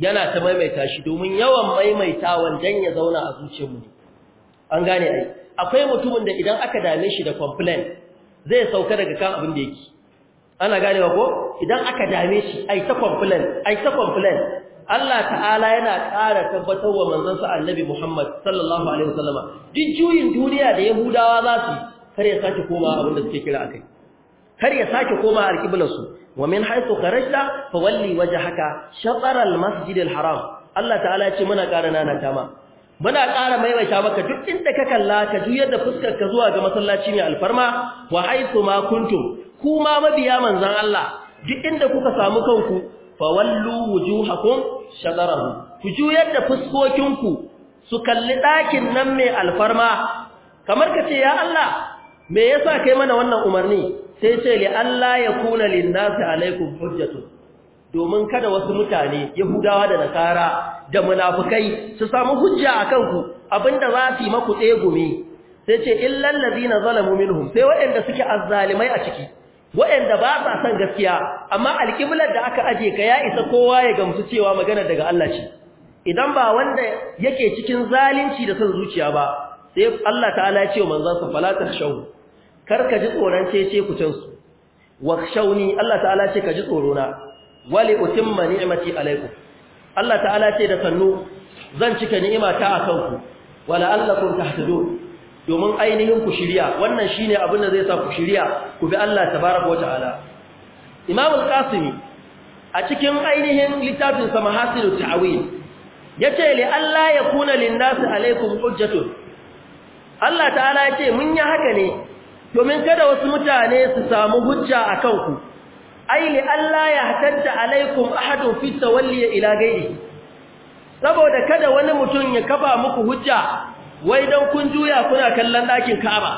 yana ta maimaita shi domin yawan maimaitawan dan ya zauna a zuciyarmu an gane ai akwai mutumin da idan aka dame shi da complaint zai sauka daga kan abin da yake ana ganewa ko idan aka dame shi ai ta complaint ai ta complaint Allah ta'ala yana ƙara tabbatar wa manzansa annabi Muhammad sallallahu alaihi wasallama duk juyin duniya da yahudawa za su kare sake koma abin da suke kira akai kar ya sake koma alƙiblarsu ومن حيث خرجت فولي وجهك شطر المسجد الحرام الله تعالى ya ce muna ƙara nana tama muna ƙara maimaita maka duk inda ka kalla ka juyar da fuskar ka zuwa ga masallaci mai alfarma wa haythu ma kuntum kuma mabiya manzon Allah duk inda kuka samu kanku fa wallu wujuhakum shadarahu ku juyar da fuskokinku su kalli ɗakin nan mai alfarma kamar ka ce ya Allah me yasa kai mana wannan umarni sai ce li Allah ya kuna nasi alaikum hujjatu domin kada wasu mutane yahudawa da nasara da munafikai su samu hujja akan ku abinda za su yi maku tsegume sai ce illal ladina zalamu minhum sai waɗanda suke azzalimai a ciki waɗanda ba sa son gaskiya amma alƙiblar da aka aje ka ya isa kowa ya gamsu cewa magana daga Allah ce idan ba wanda yake cikin zalunci da son zuciya ba sai Allah ta'ala ya ce manzon sa falatar shahu. kar ka ji tsoron cece kucin su wakshauni Allah ta'ala ce ka ji tsoro na wali utimma ni'mati alaikum Allah ta'ala ce da sannu zan cika ni'imata akan ku wala allakum tahtadun domin ainihin ku shirya wannan shine abin da zai sa ku shirya ku bi Allah tabaraka wa ta'ala Imam al-Qasimi a cikin ainihin littafin sa Mahasilut Ta'wil yace li Allah yakuna lin-nasi alaikum hujjatun Allah ta'ala yace mun yi haka ne domin kada wasu mutane su samu hujja a kanku ai li Allah ya hatanta alaikum ahadun fi tawalli ila gairi saboda kada wani mutum ya kafa muku hujja wai dan kun juya kuna kallon ɗakin Ka'aba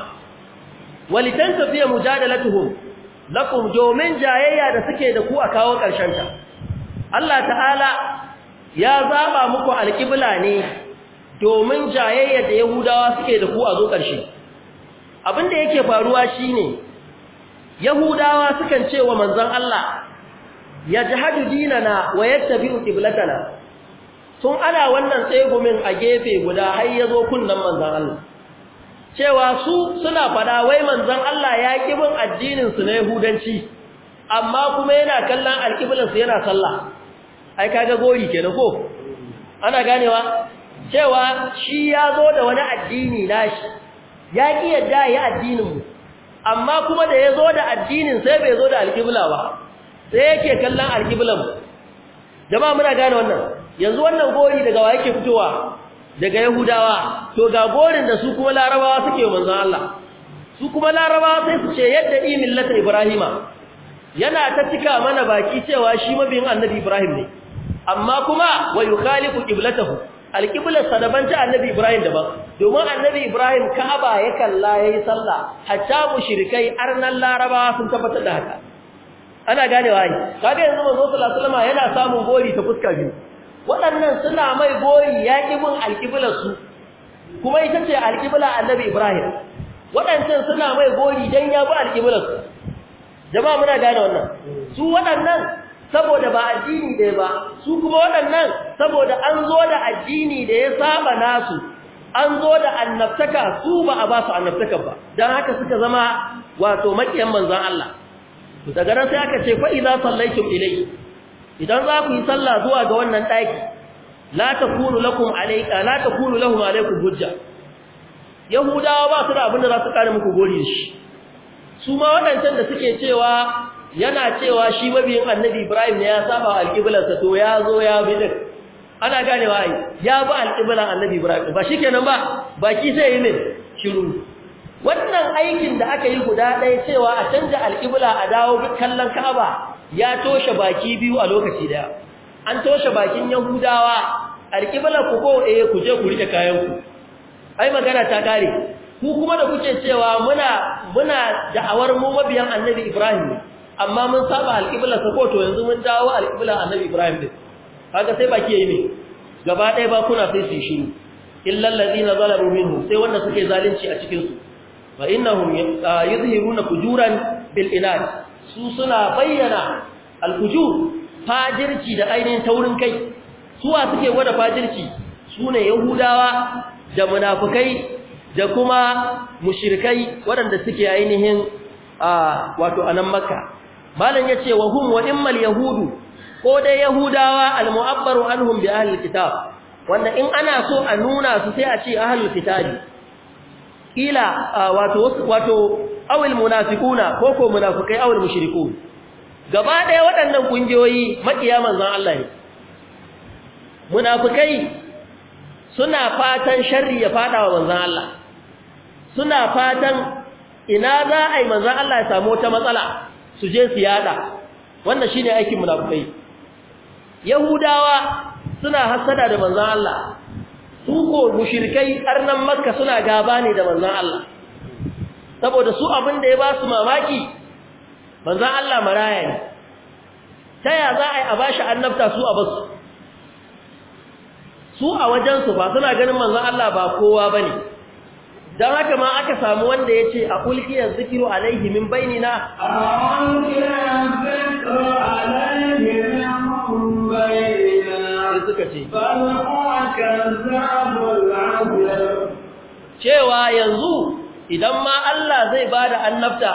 walitan tafiya mujadalatuhum lakum domin jayayya da suke da ku a kawo ƙarshen ta Allah ta'ala ya zaba muku alƙibla ne domin jayayya da Yahudawa suke da ku a zo ƙarshe abin da yake faruwa shine yahudawa sukan ce wa manzon Allah ya jihadu dinana wa yattabi'u qiblatana tun ana wannan tsegumin a gefe guda har ya zo kunnan manzon Allah cewa su suna fada wai manzon Allah ya ƙibin addininsu na yahudanci amma kuma yana kallon alƙiblar yana sallah ai kaga gori kenan ko ana ganewa cewa shi ya zo da wani addini nashi ya ƙi yadda ya addininmu amma kuma da ya zo da addinin sai bai zo da alƙibla ba sai yake kallon alƙiblanmu jama'a muna gane wannan yanzu wannan gori daga wa yake fitowa daga yahudawa to ga gorin da su kuma larabawa suke manzon Allah su kuma larabawa sai su ce yadda yi millata ibrahima yana ta cika mana baki cewa shi mabiyin annabi ibrahim ne amma kuma wa yukhaliqu qiblatahu alqibla sadabanta annabi ibrahim daban domin annabi Ibrahim Ka'aba ya kalla yayi sallah hatta mushrikai arnan Laraba sun tabbatar da haka ana ganewa ai kaga yanzu manzo sallallahu alaihi wasallam yana samun gori ta fuska biyu waɗannan suna mai gori ya mun alƙiblar su kuma ita ce alƙibla annabi Ibrahim waɗancan suna mai gori dan ya bu alƙiblar su jama'a muna gane wannan su waɗannan saboda ba addini ɗaya ba su kuma waɗannan saboda an zo da addini da ya saba nasu an zo da annabtaka su ba a ba su ba dan haka suka zama wato makiyan manzon Allah daga nan sai aka ce fa idza sallaitum ilayhi idan za ku yi sallah zuwa ga wannan daki la takunu lakum alayka la takunu lahum alaykum hujja yahudawa ba su da abin da za su kare muku gori shi su ma wadancan da suke cewa yana cewa shi mabiyin annabi Ibrahim ne ya saba sa to ya zo ya bi ana ganewa ai ya ba alƙiblan annabi ibrahim ba shi kenan ba baki zai yi min shiru wannan aikin da aka yi guda ɗaya cewa a canja alƙibla a dawo kallon ka'aba ya toshe baki biyu a lokaci daya an toshe bakin yahudawa alƙibla ku ko eh ku je ku rike kayan ku ai magana ta kare ku kuma da kuke cewa muna muna da'awar mu mabiyan annabi ibrahim amma mun saba alƙibla ko to yanzu mun dawo alƙibla annabi ibrahim din kaga sai baki yayi ne gaba ɗaya ba kuna sai su shiru illa allazina zalamu minhum sai wanda suke zalunci a cikin su fa innahum yuzhiruna fujuran bil inad su suna bayyana al fujur fajirci da ainihin taurin kai Su suwa suke gwada fajirci sune yahudawa da munafikai da kuma mushrikai waɗanda suke ainihin wato anan makka malam yace wa hum wa immal yahudu ko dai yahudawa almu'abbaru anhum bi ahli alkitab wanda in ana so a nuna su sai a ce ahli kitabi kila wato wato awil munafiquna ko ko munafiqai awil mushrikun gaba daya waɗannan kungiyoyi makiya zan Allah ne munafiqai suna fatan sharri ya fada wa manzon Allah suna fatan ina za a yi manzan Allah ya samu wata matsala su je su yada wannan shine aikin munafukai yahudawa suna hasada da manzon Allah su ko mushrikai arnan makka suna gaba ne da manzon Allah saboda su abin da ya ba su mamaki manzon Allah maraya ne ta ya za a yi a bashi annabta su a basu su a wajensu ba suna ganin manzon Allah ba kowa bane dan haka ma aka samu wanda yace a kulkiyar zikiru alaihi min bainina a kulkiyar zikiru alaihi cewa yanzu idan ma Allah zai bada annabta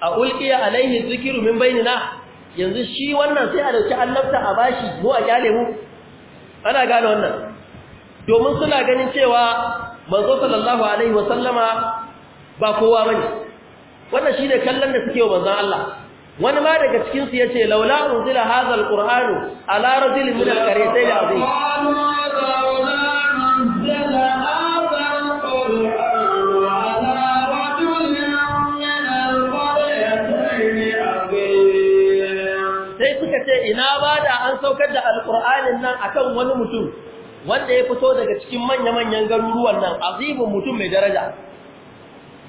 a ulkiya alaihi zikiru min bainina yanzu shi wannan sai a dauki annabta a bashi mu a kyale mu ana gane wannan domin suna ganin cewa manzo sallallahu alaihi wasallama ba kowa bane wannan shine kallon da suke wa manzon Allah wani ma daga cikinsu ya ce, laula unzila hadha alquranu ala rajulin min alqaryatayn azim sai suka ce ina ba da an saukar da alqur'anin nan a kan wani mutum wanda ya fito daga cikin manya-manyan garuruwan nan azimin mutum mai daraja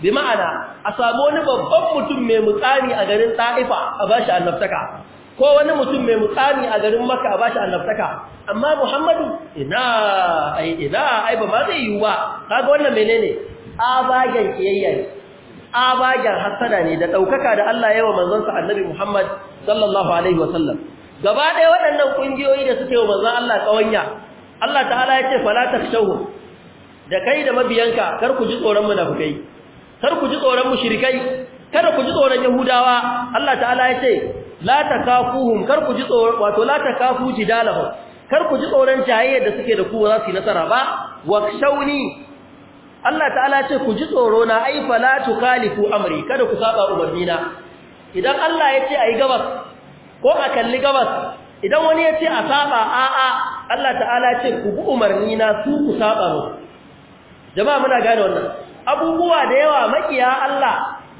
bi ma'ana a samu wani babban mutum mai mutsami a garin Taifa a bashi annabtaka ko wani mutum mai mutsami a garin Makka a bashi annabtaka amma Muhammadu ina ai ina ai ba ma zai yi ba kaga wannan menene abagen kiyayya abagen hasada ne da daukaka da Allah yawa manzon sa Annabi Muhammad sallallahu alaihi wa sallam. gaba ɗaya waɗannan kungiyoyi da suke wa manzon Allah kawanya Allah ta'ala ya ce fala takshawu da kai da mabiyanka kar ku ji tsoron munafikai kar ku ji tsoron mushrikai kada ku ji tsoron yahudawa Allah ta'ala ya ce la takafuhum kar ku ji tsoron wato la takafu jidalahum kar ku ji tsoron jayayya da suke da ku ba za su yi nasara ba wakshawni Allah ta'ala ya ce ku ji tsoro na ai la tukalifu amri kada ku saba ubarnina idan Allah ya ce ai gabas ko a kalli gabas idan wani ya ce a saba a'a Allah ta'ala ya ce ku bi umarnina su ku saba mu jama'a muna gane wannan abubuwa da yawa makiya Allah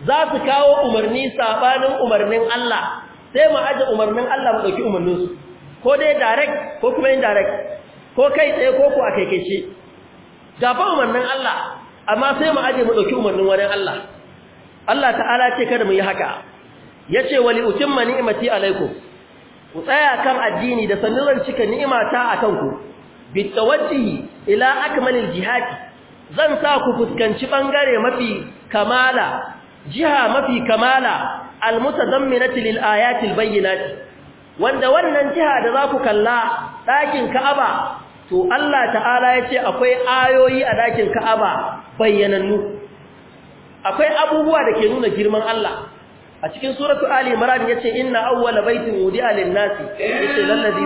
za su kawo umarni sabanin umarnin Allah sai mu aje umarnin Allah mu dauki umarnin su ko dai direct ko kuma indirect ko kai tsaye ko ko a ga gafa umarnin Allah amma sai mu aje mu dauki umarnin wani Allah Allah ta'ala ce kada mu yi haka yace wali utimma ni'mati alaikum ku tsaya kan addini da sanin cika ni'imata akan ku bitawajjihi ila akmalil jihadi zan sa ku fuskanci bangare mafi kamala jiha mafi kamala almutazamminati lil ayatil wanda wannan jiha da za ku kalla ɗakin Ka'aba to Allah ta'ala yace akwai ayoyi a ɗakin Ka'aba bayyanannu akwai abubuwa da ke nuna girman Allah a cikin suratu ali imran yace inna awwala baitin wudi'a lin-nasi yace lallazi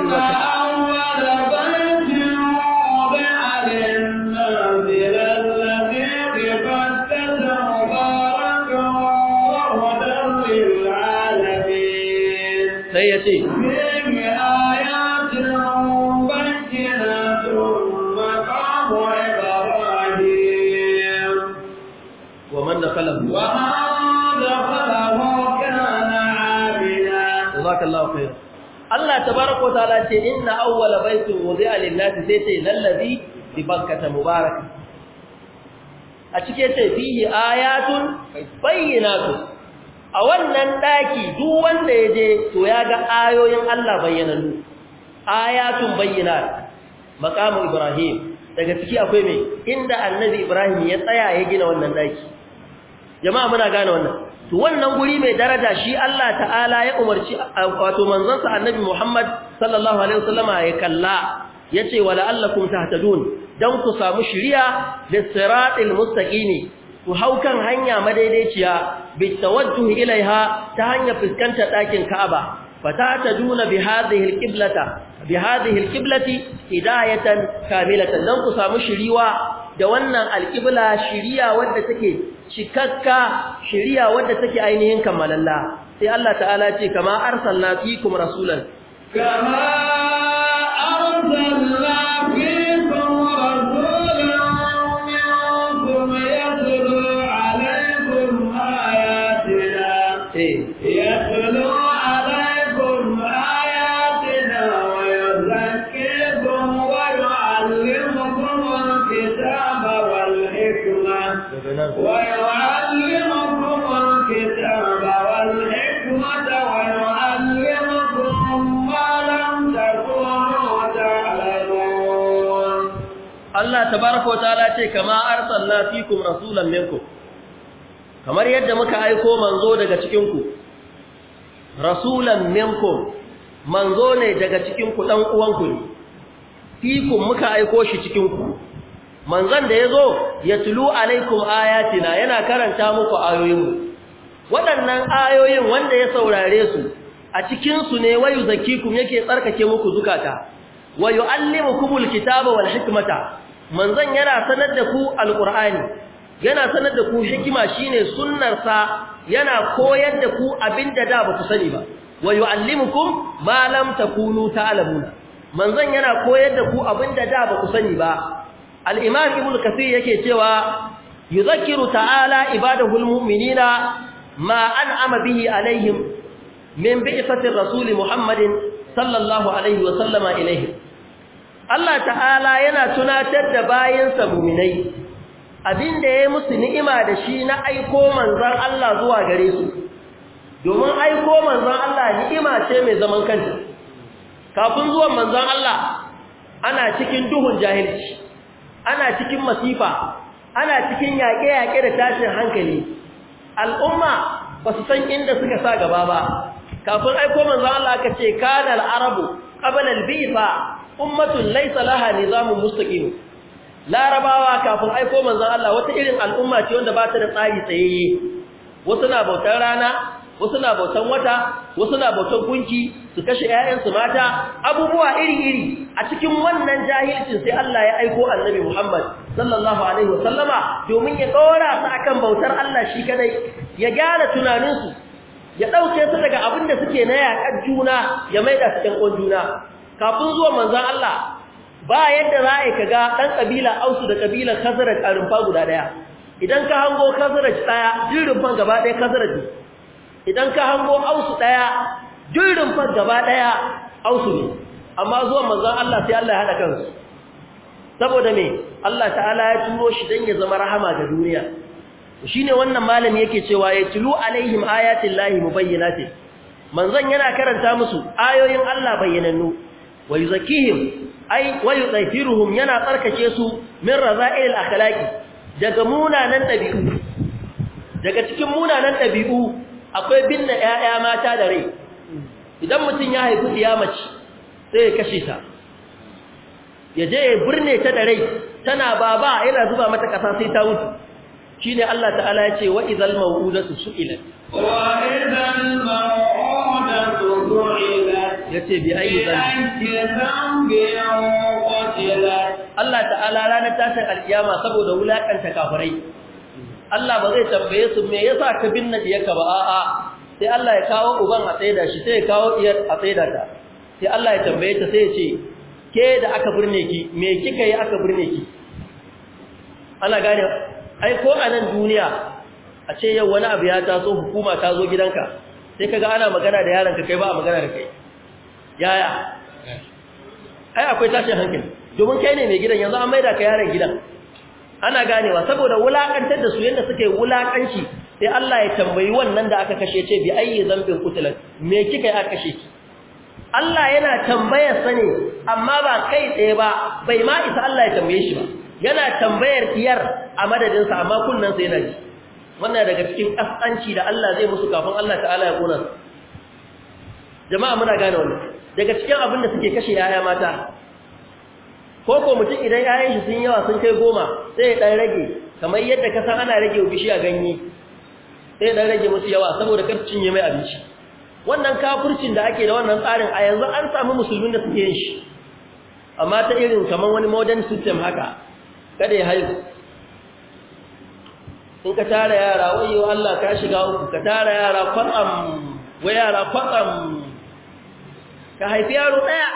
ya ce ومن دخله ومن دخله كان عاملا wa ta'ala ce inna awwala baitin wudi'a lin-nasi sai ce lalladhi bi bakkata mubarak a cike ce fihi ayatun bayyinatun a wannan ɗaki duk wanda ya je to ya ga ayoyin Allah bayyanannu ayatun bayyinat maqamu ibrahim daga ciki akwai me inda annabi ibrahim ya tsaya ya gina wannan daki jama'a muna gane wannan to wannan guri mai daraja shi Allah ta'ala ya umarci wato manzansa annabi Muhammad sallallahu alaihi wasallama ya kalla yace wala allakum tahtadun dan ku samu shiriya lis siratil mustaqimi ku haukan hanya madaidaiciya bi tawajjuh ilaiha ta hanyar fuskantar ɗakin ka'aba fata taduna bi hadhihi alqiblata bi hadhihi alqiblati hidayatan kamilatan dan ku samu shiriwa da wannan alqibla shiriya wanda take cikakka shiriya wanda take ainihin kamalalla sai Allah ta'ala ce kama arsalna fiikum rasulan kama Allah ta baraka ta ta'ala ce kama arsalna fikum rasulan minkum kamar yadda muka aiko manzo daga cikinku rasulan minku manzo ne daga cikinku dan uwanku ne fikum muka aiko shi cikinku manzon da yazo yatlu alaikum ayatina yana karanta muku ayoyin waɗannan ayoyin wanda ya saurare su a cikin su ne wayu zakikum yake tsarkake muku zukata wayu allimukumul kitaba wal hikmata manzon yana sanar da ku alqur'ani yana sanar da ku hikima shine sunnarsa yana koyar da ku abinda da ba ku sani ba wa yu'allimukum ma lam takunu ta'lamuna manzon yana koyar da ku abinda da ba ku sani ba al-imam ibnu kathir yake cewa yuzakkiru ta'ala ibadahul mu'minina ma an'ama bihi alaihim min bi'sati rasul muhammadin sallallahu alaihi wa sallama ilaihi. Allah ta'ala yana tunatar da bayinsa mu'minai abin da ya yi musu ni'ima da shi na aiko manzan Allah zuwa gare su domin aiko manzan Allah ni'ima ce mai zaman kanta kafin zuwan manzan Allah ana cikin duhun jahilci ana cikin masifa ana cikin yaƙe-yaƙe da tashin hankali al'umma ba su san inda suka sa gaba ba kafin aiko manzan Allah ka ce kanar arabu ƙabalar bifa ummatun ne, laha nizamun mustaqim larabawa kafin aiko manzon Allah wata irin al'umma ce wanda ba ta da tsari tsayayye wasu na bautar rana wasu na bautan wata wasu na bautan gunki su kashe 'ya'yansu mata abubuwa iri-iri a cikin wannan jahilcin sai Allah ya aiko annabi Muhammad sallallahu alaihi wasallama domin ya dora su akan bautar Allah shi kadai ya gyara tunaninsu ya ɗauke su daga abin da suke na yaƙar juna ya maida su kan juna kafin zuwa manzon Allah ba yadda za a kaga ɗan ƙabila ausu da ƙabila kazarar a rumfa guda ɗaya idan ka hango kazarar ɗaya jin rumfan gaba ɗaya kazarar ne idan ka hango ausu ɗaya jin rumfan gaba ɗaya ausu ne amma zuwa mazan Allah sai Allah ya haɗa kansu saboda me Allah ta'ala ya turo shi don ya zama rahama ga duniya shi ne wannan malami yake cewa ya tulu alaihim ayatin lahi mubayyinatin manzan yana karanta musu ayoyin Allah bayyanannu wa yuzakihim ai wayu tsahiruhum yana tsarkake su min raza'il akhlaqi daga munanan dabi'u daga cikin munanan dabi'u akwai binne ƴaƴa mata da rai idan mutun ya haifi mace sai ya kashe ta ya je ya burne ta da rai tana baba yana zuba mata kasa sai ta mutu shine Allah ta'ala ya ce wa idhal mawudatu su'ilat ya ce bi ayi Allah ta'ala ranar tashin alkiyama saboda wulakanta kafirai Allah ba zai tambaye su me yasa ka binne diyarka ba a'a sai Allah ya kawo uban a tsaida shi sai ya kawo iyar a tsaida ta sai Allah ya tambaye ta sai ya ce ke da aka birne ki me kika yi aka birne ki ana gane ai ko a nan duniya a ce yau wani abu ya taso hukuma ta zo gidanka sai kaga ana magana da yaranka kai ba a magana da kai yaya ai akwai tashin hankali domin kai ne mai gidan yanzu an maida ka yaran gidan ana ganewa saboda wulakantar da su yanda suke wulakanci sai Allah ya tambayi wannan da aka kashe ce bi ayi zambin kutulan me kika yi aka kashe ki Allah yana tambayar sa ne amma ba kai tsaye ba bai ma isa Allah ya tambaye shi ba yana tambayar iyar a madadinsa amma kunnen sa yana ji wannan daga cikin kasanci da Allah zai musu kafin Allah ta'ala ya kona su jama'a muna gane wannan daga cikin abin da suke kashe yaya mata ko ko mutum idan yayan shi sun yawa sun kai goma sai ya rage kamar yadda ka san ana rage bishiya ganye sai dan rage musu yawa saboda kar cinye mai abinci wannan kafircin da ake da wannan tsarin a yanzu an samu musulmin da suke yin shi amma ta irin kamar wani modern system haka kada ya haihu in ka tara yara wai yau Allah ka shiga uku ka tara yara kwatsam wai yara kwatsam ka haifi yaro daya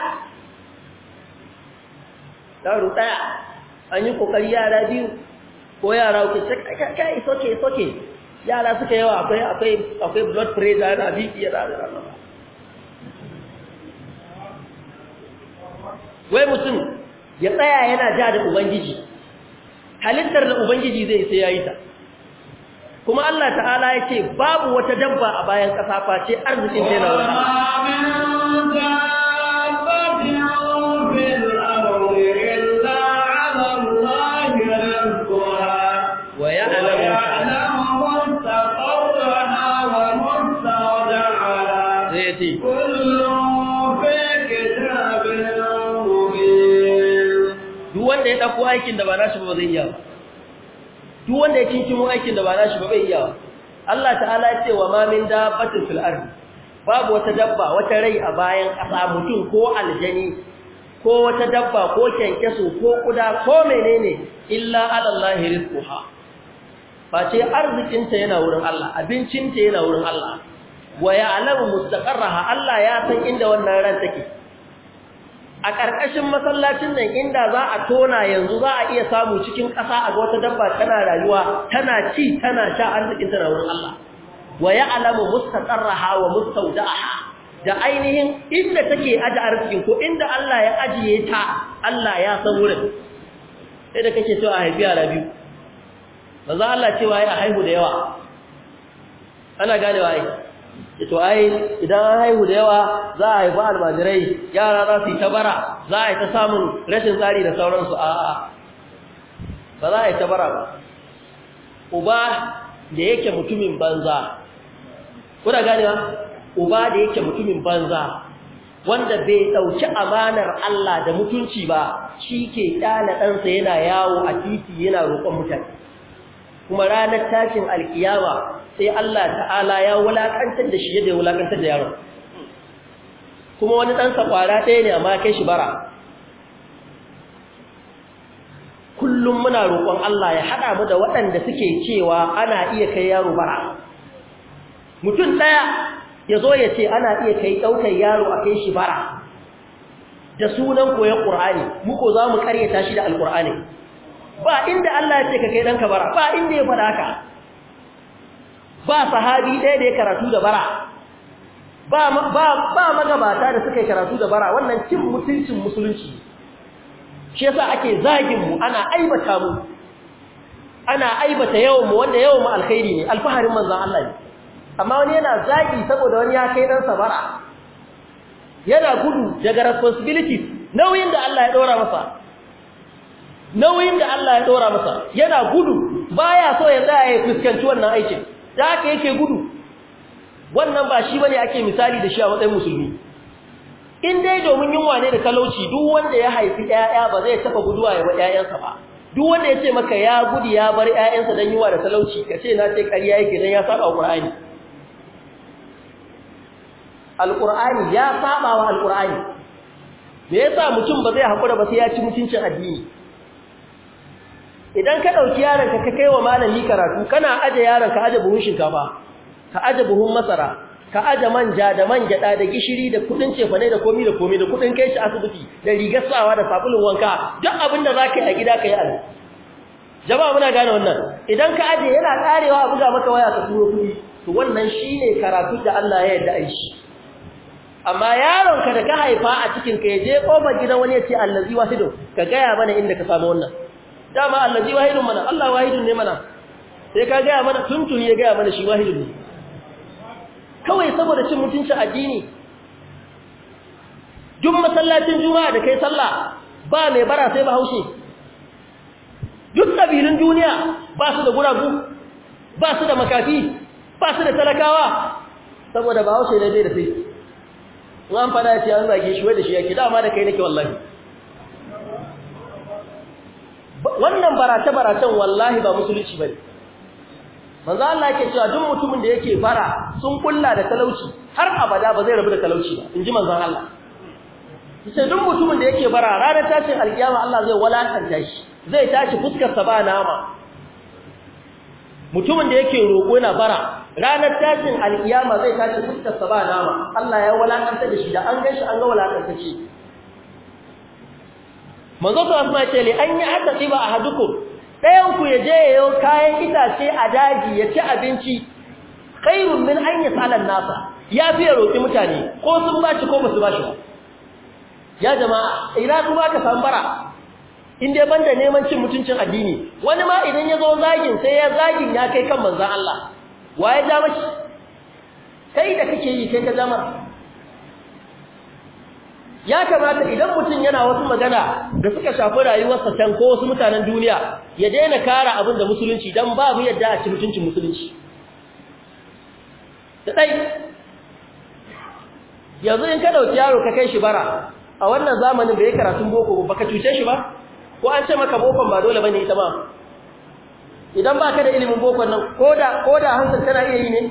yaro daya an yi kokari yara biyu ko yara uku sai ka it's okay it's okay yara suka yawa akwai akwai akwai blood pressure yana bi yara da Allah wai mutum ya tsaya yana ja da ubangiji halittar da ubangiji zai sai yayi ta kuma Allah ta'ala ya ce babu wata dabba a bayan ƙasa face arzikin ta yana Duk wanda ya ɗauko aikin da ba nashi ba zai yi ba. duk wanda ya kinkimo aikin da ba nashi ba bai iyawa Allah ta'ala ya ce wa ma min dabbatin fil ardi babu wata dabba wata rai a bayan a mutum ko aljani ko wata dabba ko kyankyaso ko kuda ko menene illa alallahi rizquha arzikin arzikinta yana wurin Allah abincinta yana wurin Allah wa ya'lamu mustaqarraha Allah ya san inda wannan ran take a ƙarƙashin masallacin nan inda za a tona yanzu za a iya samu cikin ƙasa a ga wata dabba tana rayuwa tana ci tana sha arzikin tana rawar Allah wa ya'lamu mustaqarraha wa mustawda'aha da ainihin inda take aje arziki ko inda Allah ya ajiye ta Allah ya san wurin sai da kake cewa a haifi yara biyu maza Allah cewa ya haihu da yawa ana ganewa ai to ai idan an haihu da yawa za a haifi almajirai yara za su yi ta bara za a yi ta samun rashin tsari da sauransu a'a ba za a yi ta bara ba uba da yake mutumin banza kuna gani ba uba da yake mutumin banza wanda bai ɗauki amanar Allah da mutunci ba shi ke ɗana ɗansa yana yawo a titi yana roƙon mutane kuma ranar tashin alkiyama sai Allah ta'ala ya wulakantar da shi yadda ya wulakantar da yaron kuma wani ɗansa ƙwara ɗaya ne amma kai shi bara kullum muna roƙon Allah ya haɗa mu da waɗanda suke cewa ana iya kai yaro bara mutum ɗaya ya zo ya ce ana iya kai ɗaukar yaro a kai shi bara da sunan koyon ƙur'ani muku za mu ƙaryata shi da alƙur'ani ba inda Allah ya ce ka kai ɗanka bara ba inda ya faɗa ka ba sahabi ɗaya da ya karatu da bara ba magabata da suka yi karatu da bara wannan cin mutuncin musulunci shi yasa ake zaginmu ana aibata mu ana aibata yawan mu wanda yawan mu alkhairi ne alfaharin manzan Allah ne amma wani yana zagi saboda wani ya kai ɗansa bara. yana gudu daga responsibilities nauyin da Allah ya ɗora masa nauyin da Allah ya ɗora masa yana gudu baya so ya tsaya ya fuskanci wannan aikin da haka yake gudu wannan ba shi bane ake misali da shi a matsayin musulmi in dai domin yunwa ne da talauci duk wanda ya haifi 'ya'ya ba zai taba guduwa ya ba ƴaƴansa ba duk wanda ya ce maka ya gudu ya bar ƴaƴansa dan yunwa da talauci ka ce na ce ƙarya yake dan ya saba Qur'ani al ya saba wa al me yasa mutum ba zai hakura ba sai ya ci mutuncin addini idan ka dauki yaron ka kai wa malami karatu kana aje yaron ka aje buhun shinkafa ka aje buhun masara ka aje manja da man gyada da gishiri da kudin cefane da komi da komi da kudin kai shi asibiti da rigar sawa da sabulun wanka duk abin da zaka yi a gida kai alai jama'a muna gane wannan idan ka aje yana karewa a buga maka waya ka turo kudi to wannan shine karatu da Allah ya yarda aishi amma yaronka da ka haifa a cikin ka je koma gidan wani ya ce allazi wasido ka gaya mana inda ka samu wannan dama allazi wahidun mana Allah wahidun ne mana sai ka gaya mana tuntuni ya gaya mana shi wahidun ne kawai saboda cin mutuncin addini duk masallacin juma'a da kai sallah ba mai bara sai bahaushe duk kabilin duniya ba su da guragu ba su da makafi ba su da talakawa saboda bahaushe ne dai da sai in an fada ya ce an zage shi wai da shi yake dama da kai nake wallahi wannan barace-baracen wallahi ba musulunci bane manzo Allah yake cewa duk mutumin da yake bara sun kulla da talauci har abada ba zai rabu da talauci ba inji manzo Allah sai duk mutumin da yake bara ranar tashin alkiyama Allah zai walakanta shi zai tashi fuskar sa ba nama mutumin da yake roƙo yana bara ranar tashin alkiyama zai tashi fuskar sa ba nama Allah ya walakanta da shi da an ganshi an ga walakanta shi manzo ta asma ce li an yi hatta tiba ahadukum dayan ku ya je yayo kayan itace a daji ya ci abinci khairun min an yasala nasa ya fi ya roki mutane ko sun ba ci ko ba su ba shi ya jama'a ina ba ka sambara in dai banda neman cin mutuncin addini wani ma idan ya zo zagin sai ya zagin ya kai kan manzon Allah waye da mashi kai da kake yi kai ka jamar ya kamata idan mutum yana wasu magana da suka shafi rayuwarsa can ko wasu mutanen duniya ya daina kara abin da musulunci don babu yadda a ci mutuncin musulunci da ɗai yanzu in ka ɗauki yaro ka kai shi bara a wannan zamanin da ya karatun boko ba ka cuce shi ba ko an ce maka bokon ba dole ba ne ita ma idan ba ka da ilimin bokon nan ko da hansa tana iya yi ne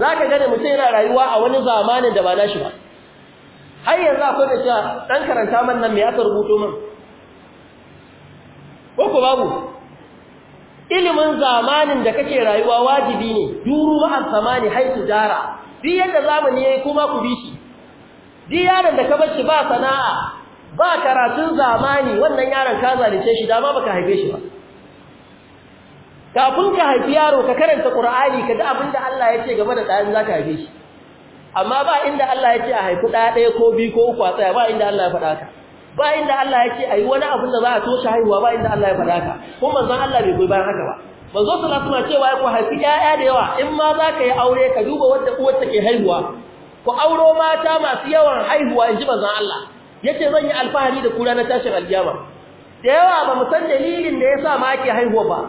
za ka gane mutum yana rayuwa a wani zamanin da ba na shi ba har yanzu akwai da cewa ɗan karanta man nan me aka rubuto man ko ko babu ilimin zamanin da kake rayuwa wajibi ne duru ma'al samani haitu dara bi yadda zamani yi kuma ku bi shi yaron da ka bar shi ba sana'a ba karatun zamani wannan yaron ka zalice shi dama baka haife shi ba kafin ka haifi yaro ka karanta ƙur'ani ka ga abinda Allah ya ce game da ɗayan zaka haife shi amma ba inda Allah ya ce a haifi ɗaya ɗaya ko biyu ko uku a tsaya ba inda Allah ya faɗa ka ba inda Allah ya ce a yi wani abin da za a toshe haihuwa ba inda Allah ya faɗa ka ko manzon Allah bai goyi bayan haka ba manzo suna suna cewa ya ku haifi ƴaƴa da yawa in ma za ka yi aure ka duba wadda uwar ke haihuwa ku auro mata masu yawan haihuwa in ji manzon Allah Ya ce zan yi alfahari da kura na tashin aljama da yawa ba mu san dalilin da ya sa ma ake haihuwa ba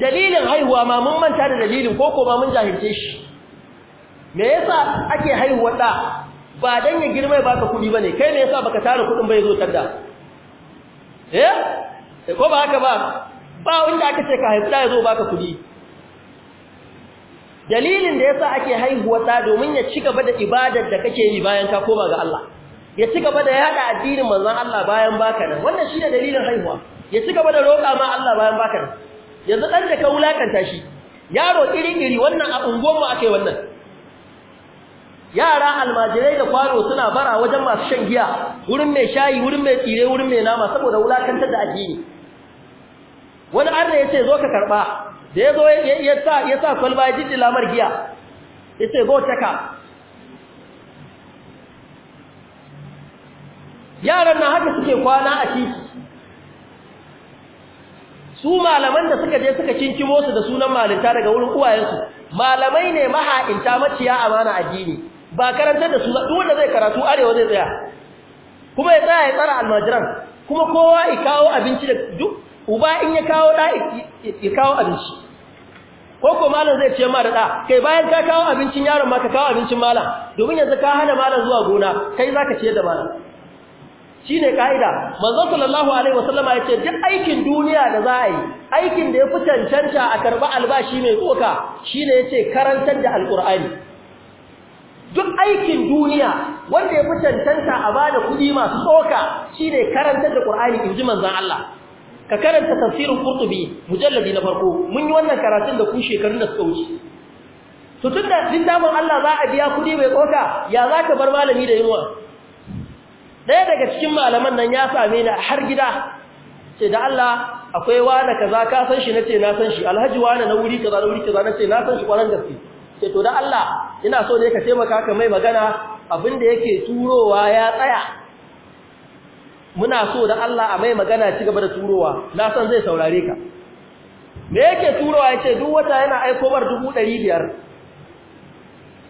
dalilin haihuwa ma mun manta da dalilin ko ko ma mun jahilce shi me yasa ake haihuwa da ba dan ya girma ya baka kudi bane kai me yasa baka tara kudin bai zo tarda eh? eh ko ba haka ba ba wanda aka ce ka haihu da ya zo baka kudi dalilin da yasa ake haihuwa da domin ya ci gaba da ibadar da kake yi bayan ka koma ga Allah ya ci gaba da yada addinin manzon Allah bayan baka nan wannan shine dalilin haihuwa ya ci gaba da roƙa ma Allah bayan baka nan yanzu dan da ka wulakanta shi yaro iri iri wannan a unguwar mu akai wannan yara almajirai da kwano suna bara wajen masu shan giya wurin mai shayi wurin mai tsire wurin mai nama saboda wulakantar da addini wani arna ya ce zo ka karba da ya zo ya sa kwalba ya jiji lamar giya ya ce go taka yaran na haka suke kwana a titi su malaman da suka je suka cinci su da sunan malinta daga wurin uwayensu malamai ne maha'inta maciya amana addini ba karantar da su ba duk wanda zai karatu arewa zai tsaya kuma ya tsaya ya tsara almajiran kuma kowa ya kawo abinci da duk uba in ya kawo da ya kawo abinci ko ko malam zai ce ma da da kai bayan ka kawo abincin yaron ma ka kawo abincin malam domin yanzu ka hana malam zuwa gona kai zaka ciyar da malam shine kaida manzo sallallahu alaihi wasallama yace duk aikin duniya da za a yi aikin da ya fi cancanta a karba albashi mai tsoka shine yace karantar da alqur'ani duk aikin duniya wanda ya fi cancanta a bada kuɗi masu tsoka shine karantar da Qur'ani inji manzon Allah ka karanta tafsirin Qurtubi mujalladi na farko mun yi wannan karatun da ku shekarun da suka wuce to tunda littafin Allah za a biya kuɗi mai tsoka ya za ka bar malami da yunwa ɗaya daga cikin malaman nan ya same ni har gida ce da Allah akwai wani kaza ka san shi nace na san shi alhaji wani na wuri kaza na wuri kaza nace na san shi kwaran gaske sai to da Allah ina so ne ka taimaka ka mai magana abin yake turowa ya tsaya muna so da Allah a mai magana ci gaba da turowa na san zai saurare ka me yake turowa yace duk wata yana aiko bar 1500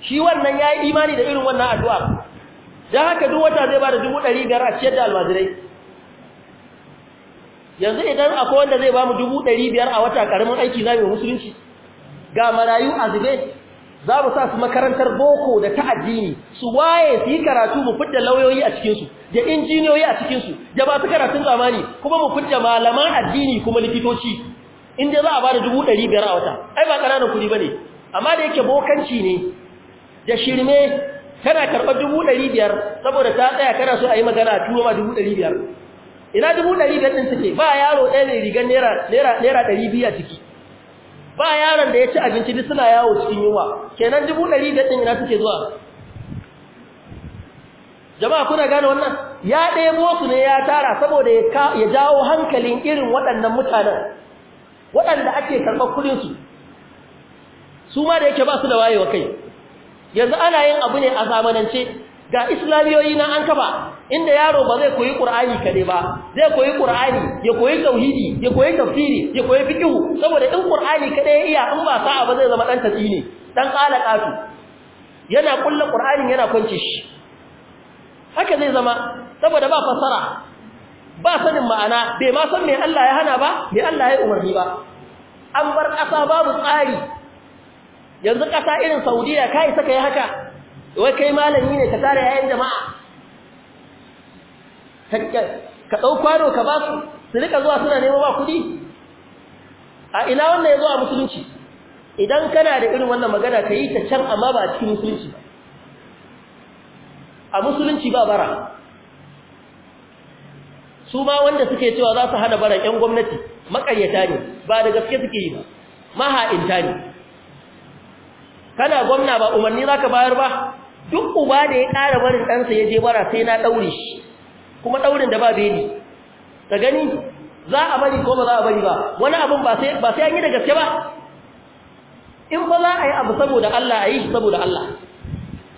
shi wannan yayi imani da irin wannan addu'a dan haka duk wata zai bada 1500 a ciyar da almajirai yanzu idan akwai wanda zai ba mu biyar a wata karamin aiki zamu musulunci ga marayu azbe za mu sa su makarantar boko da ta addini su waye su yi karatu mu fidda lauyoyi a cikinsu da injiniyoyi a cikinsu da masu karatun zamani kuma mu fidda malaman addini kuma likitoci inda za a ba da dubu ɗari biyar a wata ai ba ƙananan kuɗi ba ne amma da yake bokanci ne da shirme kana karɓar dubu ɗari biyar saboda ta tsaya kana so a yi magana a turo ma dubu ɗari biyar ina dubu ɗari biyar ɗin take ba yaro ɗaya mai rigar naira ɗari biyu a ciki ba yaron da ya ci abinci duk suna yawo cikin yunwa kenan dubu ɗari da ɗin ina suke zuwa jama'a kuna gane wannan ya ɗebo su ne ya tara saboda ya jawo hankalin irin waɗannan mutanen waɗanda ake karɓar kuɗinsu su ma da yake ba su da wayewa kai yanzu ana yin abu ne a zamanance ga islamiyoyi na an kafa inda yaro ba zai koyi qur'ani kade ba zai koyi qur'ani ya koyi tauhidi ya koyi tafsiri ya koyi fiqh saboda in qur'ani kade ya iya in ba sa'a ba zai zama dan tatsini dan qalaqatu yana kullu qur'anin yana kwance shi haka zai zama saboda ba fasara ba sanin ma'ana bai ma san me Allah ya hana ba me Allah ya umarni ba an bar ƙasa babu tsari yanzu ƙasa irin Saudiya kai saka yi haka wai kai malami ne ka tare yayin jama'a ka ɗau kwano ka ba su su rika zuwa suna neman ba kuɗi a ina wannan ya zo a musulunci idan kana da irin wannan magana ka yi ta can amma ba a cikin musulunci ba a musulunci ba bara su ma wanda suke cewa za su hana bara 'yan gwamnati makayyata ne ba da gaske suke yi ba maha'inta ne kana gwamna ba umarni za ka bayar ba duk uba da ya ƙara barin ɗansa ya je bara sai na ɗaure shi kuma ɗaurin da ba beli ka gani za a bari ko ba za a bari ba wani abin ba sai an yi da gaske ba in ba za a yi abu saboda Allah a yi saboda Allah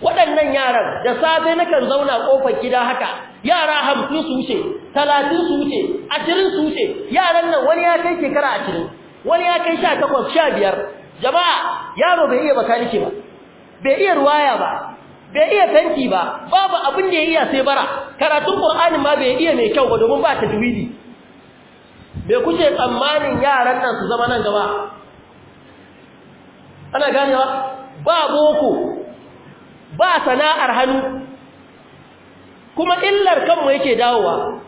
waɗannan yaran da safe na kan zauna ƙofar gida haka yara hamsin su wuce talatin su wuce ashirin su wuce yaran nan wani ya kai shekara ashirin wani ya kai sha takwas sha biyar jama'a yaro bai iya bakanike ba bai iya ruwaya ba bai iya tanki ba babu abin da ya iya sai bara karatun qur'ani ma bai iya mai kyau ba domin ba ta tajwidi bai kuce tsammanin yaran nan su zama nan gaba ana ganewa ba boko ba sana'ar hannu kuma illar kanmu yake dawowa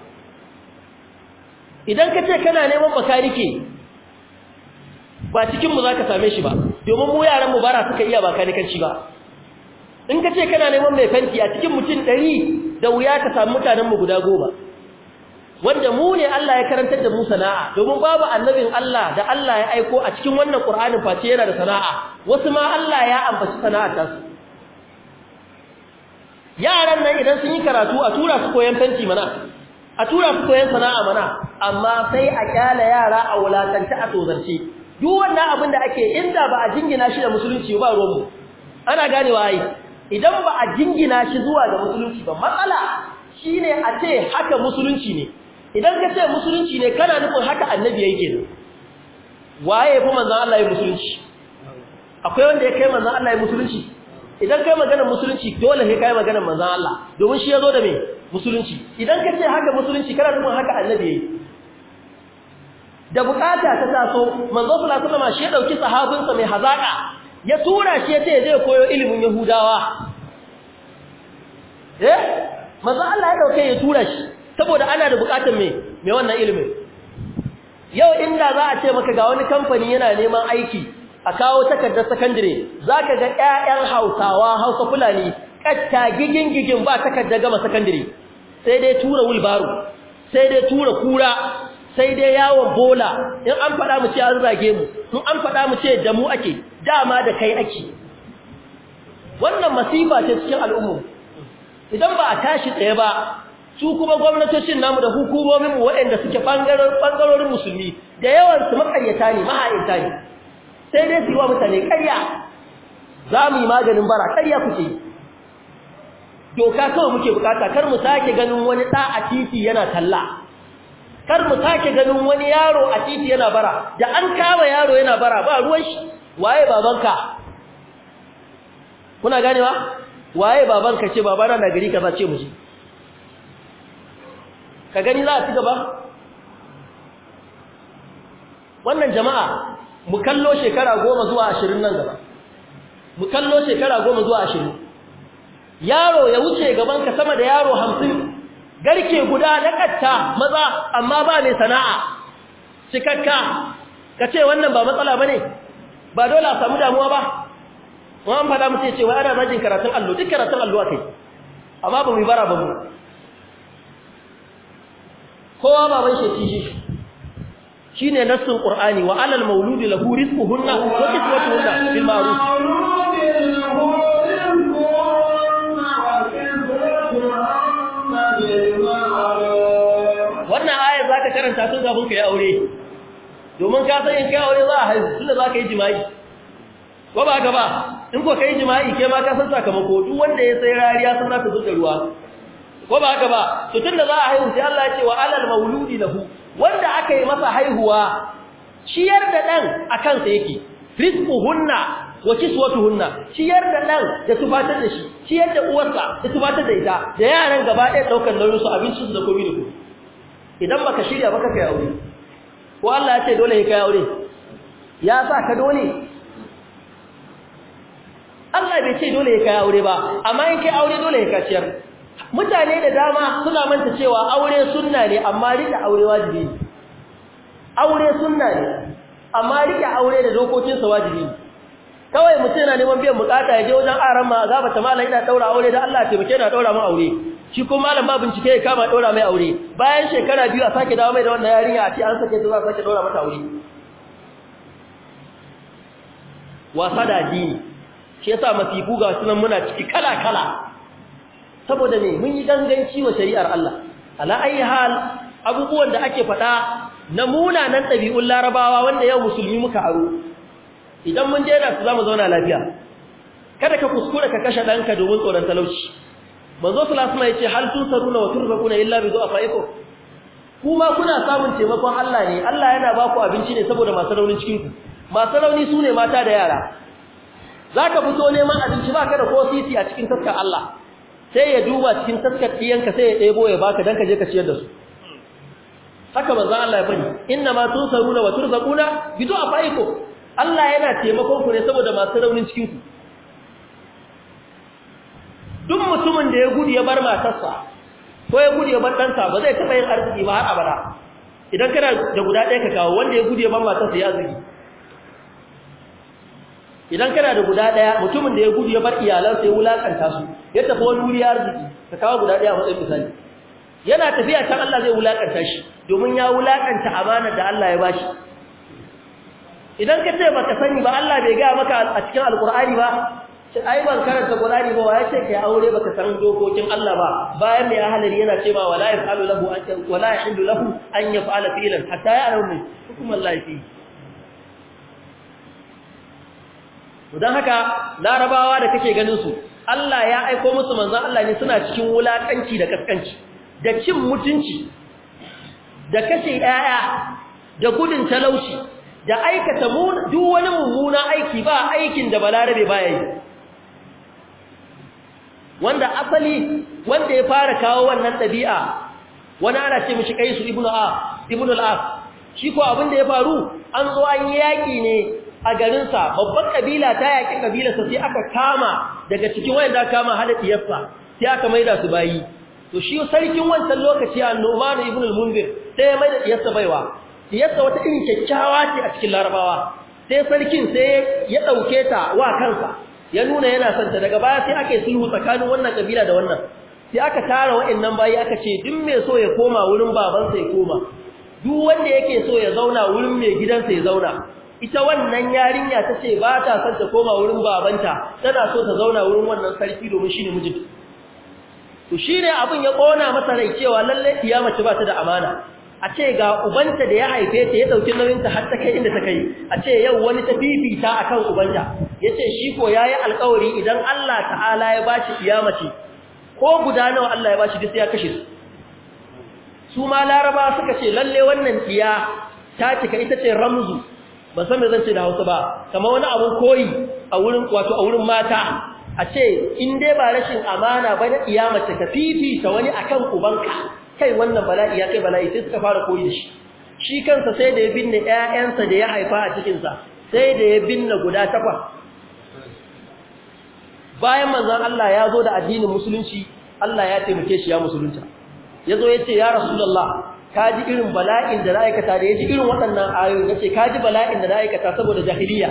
idan ka ce kana neman makanike ba cikinmu za ka same shi ba domin mu yaran mu bara suka iya bakanikanci ba in ka ce kana neman mai fenti a cikin mutum ɗari da wuya ka samu mutanenmu guda goma wanda mu ne Allah ya karantar da mu sana'a domin babu annabin Allah da Allah ya aiko a cikin wannan Qur'anin face yana da sana'a wasu ma Allah ya ambaci sana'a ta su yaran nan idan sun yi karatu a tura su koyan fenti mana a tura su koyan sana'a mana amma sai a kyala yara a wulakanta a tozarce duk wannan abin da ake inda ba a jingina shi da musulunci ba ruwanmu ana ganewa ai idan ba a jingina shi zuwa ga musulunci ba matsala shine a ce haka musulunci ne idan ka ce musulunci ne kana nufin haka annabi ke nan. waye fa zan Allah ya musulunci akwai wanda ya kai manzan Allah ya musulunci idan kai maganar musulunci dole ne kai maganar manzan Allah domin shi ya zo da me musulunci idan ka ce haka musulunci kana nufin haka annabi yayi da bukata ta taso manzo sallallahu alaihi wasallam shi ya dauki sahabinsa mai hazaka ya tura shi ya zai koyo ilimin yahudawa eh maza Allah ya dauke ya tura shi saboda ana da bukatun me me wannan ilimin yau inda za a ce maka ga wani kamfani yana neman aiki a kawo takardar secondary zaka ga ƴaƴan Hausawa Hausa Fulani katta gigin gigin ba takardar gama secondary sai dai tura wulbaro sai dai tura kura sai dai yawon bola in an faɗa mu ce an zage mu in an fada mu ce da mu ake dama da kai ake wannan masifa ce cikin al'ummu idan ba a tashi tsaye ba su kuma gwamnatocin namu da hukumomin mu waɗanda suke bangarorin musulmi da yawan su makaryata ne mahaita ne sai dai su yi wa mutane ƙarya za mu yi maganin bara ƙarya kuke doka kawai muke bukata kar mu sake ganin wani ɗa a titi yana talla kar mu sake ganin wani yaro a titi yana bara da an kama yaro yana bara ba ruwan shi waye babanka kuna ganewa waye babanka ce babana na gari kaza ce muji ka gani za a ci gaba wannan jama'a mu kallo shekara goma zuwa ashirin nan gaba mu kallo shekara goma zuwa ashirin yaro ya wuce gaban ka sama da yaro hamsin garke guda na katta maza amma ba mai sana'a cikakka ka ce wannan ba matsala ba ne ba dole a samu damuwa ba kuma an faɗa mutum cewa ana majin karatun allo duk karatun allo a kai amma ba mu bara ba mu kowa baban shi shi shi shine nassin qur'ani wa alal mauludi lahu rizquhunna wa hunna bil ma'ruf wannan aya zaka karanta tun kafin ka yi aure domin ka san in kai aure za a haihu tunda za ka yi jima'i ko ba ka ba in ko kai jima'i ke ma ka san sakamako duk wanda ya sai rariya san za ta zuta ruwa ko ba ka ba to tunda za a haihu sai Allah ya ce wa alal mauludi lahu wanda aka yi masa haihuwa ciyar da dan akan sa yake rizquhunna wa kiswatuhunna ciyar da dan da tufatar da shi ciyar da uwarsa da tufatar da ita da yaran gaba ɗaya daukar nauyin su abincin su da komai da komai idan baka shirya baka kai aure ko Allah ya ce dole ya kai aure ya sa ka dole Allah bai ce dole ya kai aure ba amma in kai aure dole ya ka ciyar mutane da dama suna manta cewa aure sunna ne amma rika aure wajibi ne aure sunna ne amma rika aure da dokokin sa wajibi ne kawai mutum yana neman biyan bukata ya je wajen aran ma ba ta mallaka ina daura aure da Allah muke na daura mu aure shi ko malam ba bincike ya kama dora mai aure bayan shekara biyu a sake dawo mai da wannan yarinya a ce an sake zuwa a sake dora mata aure wasa da addini shi yasa masifu ga sunan muna ciki kala kala saboda ne mun yi danganci wa shari'ar Allah ala ayi hal abubuwan da ake faɗa na munanan ɗabi'un larabawa wanda yau musulmi muka aro idan mun daina su zamu zauna lafiya kada ka kuskura ka kashe ɗanka domin tsoron talauci manzo sallallahu alaihi yace hal tusaruna wa turfaquna illa bi du'afaikum kuma kuna samun taimakon Allah ne Allah yana ba ku abinci ne saboda masu raunin cikin ku masu rauni sune mata da yara zaka fito neman abinci baka da ko sisi a cikin taskar Allah sai ya duba cikin taskar tiyanka sai ya debo ya baka dan ka je ka ciyar da su haka manzo Allah ya bani inna ma tusaruna wa turzaquna bi du'afaikum Allah yana taimakon ku ne saboda masu raunin cikin ku mutumin da ya gudu ya bar matarsa ko ya gudu ya bar ɗansa ba zai taɓa yin arziki ba har abada idan kana da guda ɗaya ka kawo wanda ya gudu ya bar matarsa ya zugi idan kana da guda ɗaya mutumin da ya gudu ya bar iyalansa ya wulakanta su ya tafi wani wuri ya arziki ka kawo guda ɗaya a matsayin misali yana tafiya can Allah zai wulakanta shi domin ya wulakanta amana da Allah ya bashi idan ka ce baka sani ba Allah bai ga maka a cikin alkur'ani ba ai ban karanta Qur'ani ba wa yace kai aure baka san dokokin Allah ba bayan mai ahalari yana cewa wala yafalu lahu wala yahindu lahu an yaf'ala fi'lan hatta ya'lamu hukum Allah fi dan haka larabawa da kake ganin su Allah ya aika musu manzon Allah ne suna cikin wulakanci da kaskanci da cin mutunci da kashe yaya da gudun talauci da aikata duk wani mummuna aiki ba aikin da balarabe baya yi wanda asali wanda ya fara kawo wannan ɗabi'a wani ana ce mishi kaisu ibnu a ibnu al-as shi ko abin da ya faru an zo an yaki ne a garin sa babban kabila ta yaki kabilarsa sai aka kama daga cikin aka kama hada tiyarsa sai aka maida su bayi to shi sarkin wancan lokaci a Numan ibn al-Munzir sai ya maida tiyarsa baiwa tiyarsa wata irin kyakkyawa ce a cikin Larabawa sai sarkin sai ya dauke ta wa kansa ya nuna yana son ta daga baya sai ake sulhu tsakanin wannan kabila da wannan sai aka tara wa'annan bayi aka ce duk mai so ya koma wurin babansa ya koma duk wanda yake so ya zauna wurin mai gidansa ya zauna ita wannan yarinya ta ce ba ta son ta koma wurin babanta tana so ta zauna wurin wannan sarki domin shine ne mijin to shi ne abin ya kona masa rai cewa lalle kiyama mace ba ta da amana a ce ga ubanta da ya haife ta ya ɗauki ta har ta kai inda ta kai a ce yau wani ta fifita akan ubanta Ya ce shi ko yayi alƙawari idan Allah ta'ala ya bashi kiyamaci ko guda nawa Allah ya bashi duk ya kashe su su ma laraba suka ce lalle wannan tiya ta cika ita ce ramzu ban san me zan ce da Hausa ba kamar wani abun koyi a wurin wato a wurin mata a ce in dai ba rashin amana ba na kiyama ta fifita wani akan ubanka kai wannan bala'i ya kai bala'i sai suka fara koyi shi shi kansa sai da ya binne ƴaƴansa da ya haifa a cikin sa sai da ya binne guda takwas bayan manzon Allah ya zo da addinin musulunci Allah ya taimake shi ya musulunta yazo yace ya rasulullah kaji irin bala'in da aikata da ji irin waɗannan ayoyi yace kaji bala'in da aikata saboda jahiliya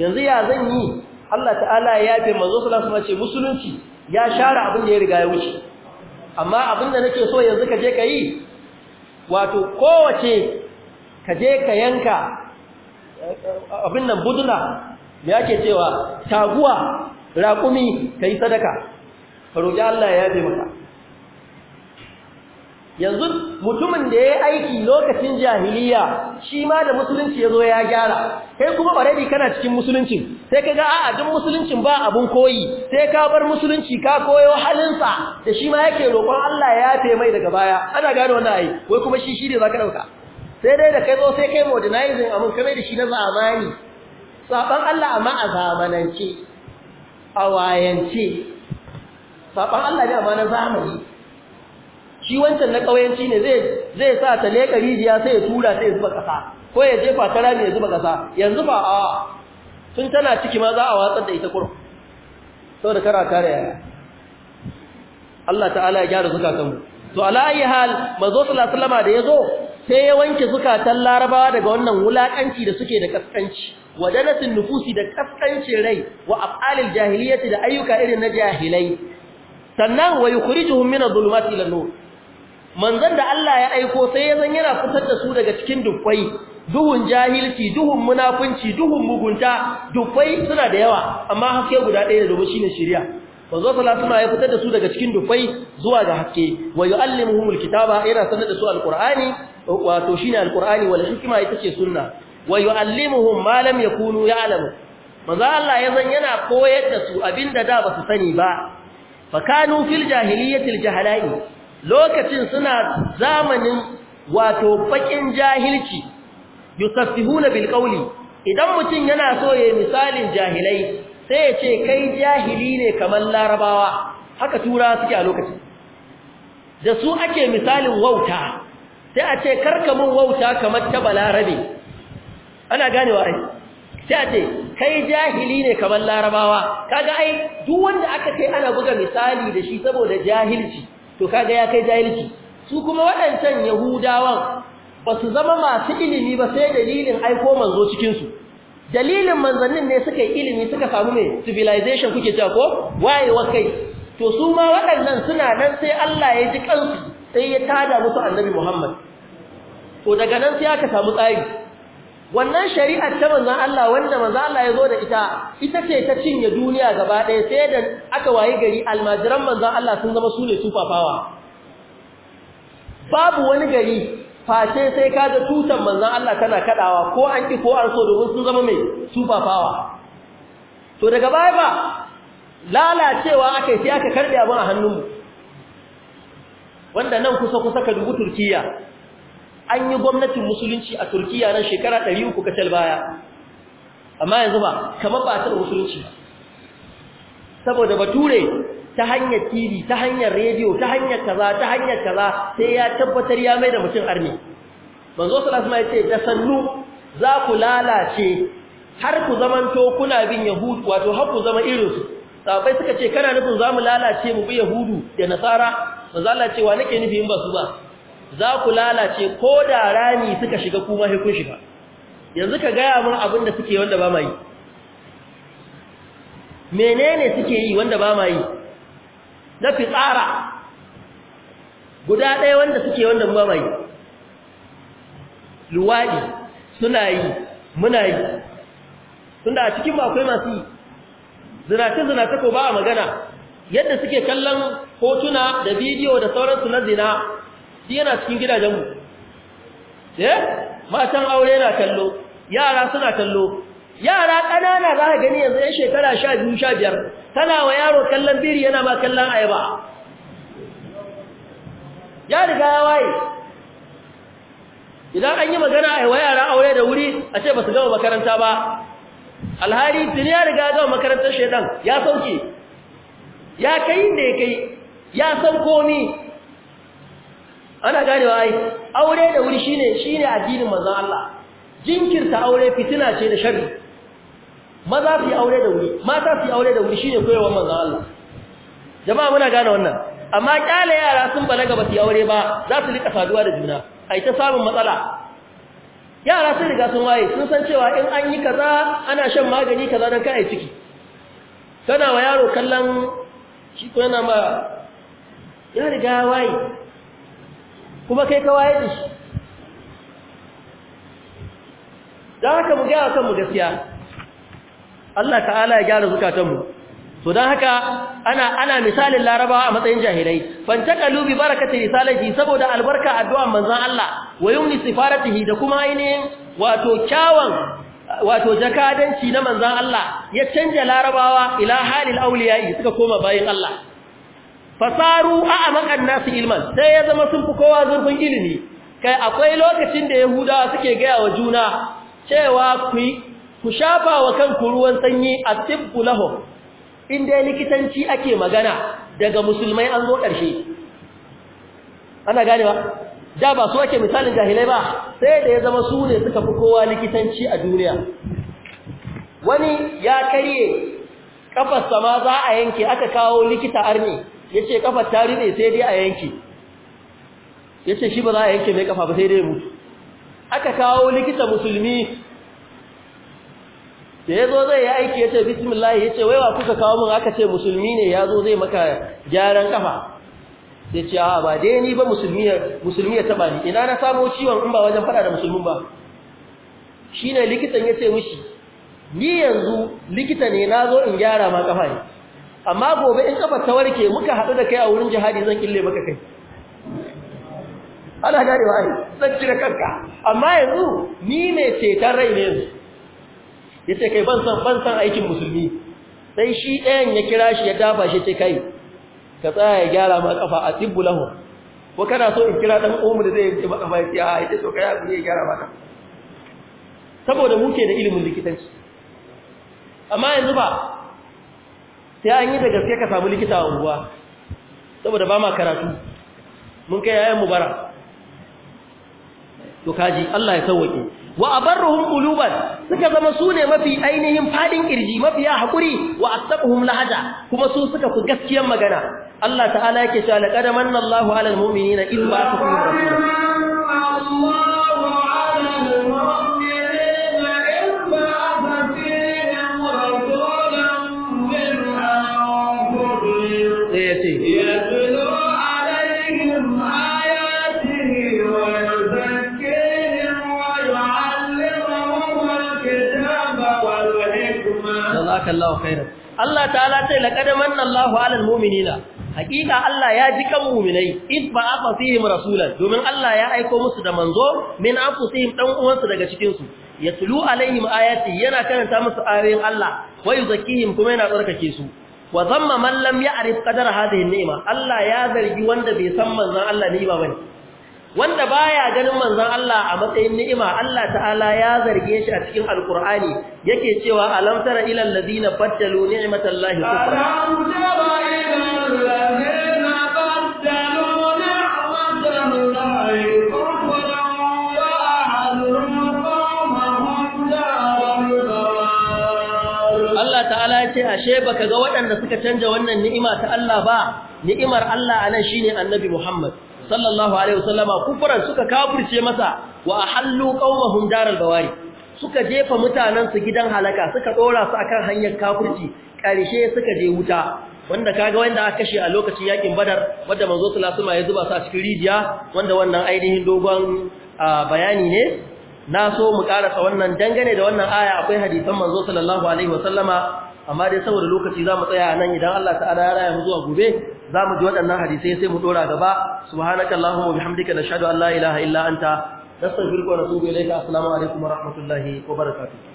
yanzu ya zan yi Allah ta'ala ya yafe manzo sallallahu alaihi ce musulunci ya share abin da ya riga ya wuce amma abin da nake so yanzu ka je ka yi wato kowace ka je ka yanka eh, eh, abin nan buduna da yake cewa taguwa raƙumi ka yi sadaka roƙi Allah ya yafe maka yanzu mutumin da ya aiki lokacin jahiliya shi ma da musulunci ya zo ya gyara kai kuma ɓarari kana cikin musuluncin sai ka ga a duk musuluncin ba abun koyi sai ka bar musulunci ka koyo halinsa da shi ma yake roƙon Allah ya yafe mai daga baya ana gano wannan ayi, wai kuma shi shi ne za sai dai da kai zo sai kai modernizing abin kamar da shi na zamani saban Allah amma a zamanance a wayance saɓan Allah ne amma na zamani shi wancan na kauyanci ne zai sa ta leƙa rijiya sai ya tura sai ya zuba ƙasa, ko ya jefa ta rami ya zuba ƙasa. yanzu ba a tun tana ciki ma za a watsar da ita Sau da kara kare yaya Allah ta'ala ya gyara zukatanmu to ala ayi hal manzo sallallahu alaihi wasallam da zo? sai ya wanke zukatan larabawa daga wannan wulakanci da suke da kaskanci wa danatin nufusi da kaskancin rai wa af'alil jahiliyyati da ayyuka irin na jahilai sannan wa yukhrijuhum min adh-dhulumati ila nur manzon da Allah ya aiko sai ya zan yana fitar da su daga cikin dubbai duhun jahilci duhun munafunci duhun mugunta dubbai suna da yawa amma haske guda ɗaya da dubu shine shari'a manzo sallallahu alaihi ya fitar da su daga cikin dubbai zuwa ga haske wa yu'allimuhumul kitaba yana sanar da su alqur'ani wato shine alqur'ani wal hikma ita ce sunna wa yu'allimuhum ma lam yakunu ya'lamu manzo Allah ya zan yana koyar da su abinda da ba su sani ba fa kanu fil jahiliyatil jahalai lokacin suna zamanin wato bakin jahilci yusaffihuna bil qawli idan mutun yana so yi misalin jahilai sai ya ce kai jahili ne kamar larabawa haka tura suke a lokacin da su ake misalin wauta sai a ce karkamin wauta kamar ta balarabe ana ganewa ai sai a ce kai jahili ne kamar larabawa kaga ai duk wanda aka kai ana buga misali da shi saboda jahilci to kaga ya kai jahilci su kuma waɗancan yahudawan ba su zama masu ilimi ba sai dalilin aiko manzo cikinsu dalilin manzannin ne suka yi ilimi suka samu mai civilization kuke cewa ko wayewa kai to su ma waɗannan suna nan sai Allah ya ji kansu sai ya tada musu annabi Muhammad to daga nan sai aka samu tsari wannan shari'ar ta manzon Allah wanda manzon Allah ya zo da ita ita ce ta cinye duniya gaba ɗaya sai da aka wayi gari almajiran manzon Allah sun zama su ne tufafawa babu wani gari face sai ka ga tutan manzon Allah tana kadawa ko an ki ko an so domin sun zama mai tufafawa to daga baya ba lalacewa akai sai aka karbe abin a hannunmu wanda nan kusa kusa ka dubu Turkiyya. an yi gwamnatin musulunci a Turkiya nan shekara ɗari uku, kacal baya amma yanzu ba kamar ba ta musulunci saboda bature ta hanyar TV ta hanyar rediyo, ta hanyar kaza ta hanyar kaza sai ya tabbatar ya mai da mutum arni manzo sallallahu alaihi wasallam ya ce da sannu za ku lalace har ku zamanto kuna bin yahudu wato har ku zama irinsu sabai suka ce kana nufin za mu lalace mu bi yahudu da nasara manzo Allah lalace wa nake nufi in ba su ba za ku lalace ko da rami suka shiga kuma sai kun shiga yanzu ka gaya mun abin da suke wanda ba ma yi menene suke yi wanda ba ma yi na fitsara guda ɗaya wanda suke wanda ba ma yi luwaɗi suna yi muna yi tunda a cikin bakwai masu yi zinace zinace ko ba a magana yadda suke kallon hotuna da bidiyo da sauransu na zina shi yana cikin gidajenmu eh matan aure na kallo yara suna kallo yara ƙanana za ka gani yanzu ɗan shekara sha biyu sha biyar tana wa yaro kallon biri yana ma kallon ayaba ya riga ya waye idan an yi magana a wa yara aure da wuri a ce ba su gama makaranta ba Alhari, tuni ya riga gama makarantar shedan ya sauke ya kai da ya kai ya san komi ana ganewa ai aure da wuri shine shine addinin manzon Allah jinkirta aure fitina ce da sharri maza su aure da wuri mata su aure da wuri shine koyarwar manzon Allah jama'a muna gane wannan amma kyale yara sun balaga ba su aure ba za su rika saduwa da juna ai ta samun matsala yara sun riga sun waye sun san cewa in an yi kaza ana shan magani kaza don kai ciki kana wa yaro kallon shi ko yana ma ya riga waye kuma kai ka waye shi dan haka mu ga kanmu gaskiya Allah ta'ala ya gyara zukatanmu to dan haka ana ana misalin larabawa a matsayin jahilai fantaqalu bi barakati risalati saboda albarka addu'an manzon Allah wa yumni sifaratihi da kuma ainihin wato kyawun wato jakadanci na manzon Allah ya canja larabawa ila halil awliyai suka koma bayin Allah fasaru a amakan nasu ilman sai ya zama sun fi kowa zurfin ilimi kai akwai lokacin da yahudawa suke gaya wa juna cewa ku shafa wa kanku ruwan sanyi a tibbu lahum in dai likitanci ake magana daga musulmai an zo ƙarshe ana gane ba da ba su ake misalin jahilai ba sai da ya zama su ne suka fi kowa likitanci a duniya wani ya karye kafar sama za a yanke aka kawo likita arni yace kafar ta rine sai dai a yanke yace shi ba za a yanke mai kafa ba sai dai mutu aka kawo likita musulmi da yazo zai yi aiki ya yace bismillah yace waiwa kuka kawo mun aka ce musulmi ne ya zo zai maka gyaran kafa sai ce a ba dai ni ba musulmi ya taba ni ina na samu ciwon in ba wajen fada da musulmin ba shine likitan ya ce mishi ni yanzu likita ne na zo in gyara ma kafa ne amma gobe in kafa ta warke muka haɗu da kai a wurin jihadi zan kille maka kai ana gane wa zan cire kanka amma yanzu ni ne ceton rai ne yanzu yace ce kai ban san aikin musulmi sai shi ɗayan ya kira shi ya dafa shi ce kai ka tsaya ya gyara ma kafa a tibbu lahu ko kana so in kira dan umu da zai yi maka bai ya yace so kai abu ya gyara maka saboda muke da ilimin likitanci amma yanzu ba sai an yi da gaske ka samu likita a unguwa saboda ba ma karatu mun kai yayan mubara to kaji Allah ya sauke wa abarruhum quluban suka zama su ne mafi ainihin fadin kirji mafi ya hakuri wa asabuhum lahaja kuma su suka ku gaskiyar magana Allah ta'ala yake cewa laqad manna Allahu 'alal mu'minina in ba'atha fihim Allah khairan Allah ta'ala ce laqad manna Allahu 'alal mu'minina hakika Allah ya ji kan mu'minai id ba'atha fihim rasulan domin Allah ya aika musu da manzo min afusihim dan uwansu daga cikin su yatlu alaihim ayati yana karanta musu ayoyin Allah wa yuzakkihim kuma yana tsarkake su wa zamma man lam ya'rif qadar hadhihi ni'ma Allah ya zargi wanda bai san manzon Allah ni ba bane wanda baya ganin manzon Allah a matsayin ni'ima Allah ta'ala ya zarge shi a cikin alqur'ani yake cewa alam tara ila allazina faddalu ni'matallahi kufra Allah ta'ala ya ce ashe baka ga waɗanda suka canja wannan ni'ima ta Allah ba ni'imar Allah anan shine annabi Muhammad sallallahu alaihi wasallama kufaran suka kafirce masa wa ahallu qaumahum daral bawari suka jefa mutanen su gidan halaka suka dora su akan hanyar kafirci karshe suka je wuta wanda kaga wanda aka kashe a lokacin yakin badar wanda manzo sallallahu alaihi ya zuba su a cikin rijiya wanda wannan ainihin dogon bayani ne na so mu karasa wannan dangane da wannan aya akwai hadisan manzo sallallahu alaihi wasallama amma dai saboda lokaci za mu tsaya nan idan Allah ta'ala ya raya mu zuwa gobe za mu ji waɗannan hadisai sai mu ɗora gaba subhanaka allahumma bihamdika nashhadu an la ilaha illa anta nastaghfiruka wa natubu ilayka assalamu alaikum wa rahmatullahi wa barakatuh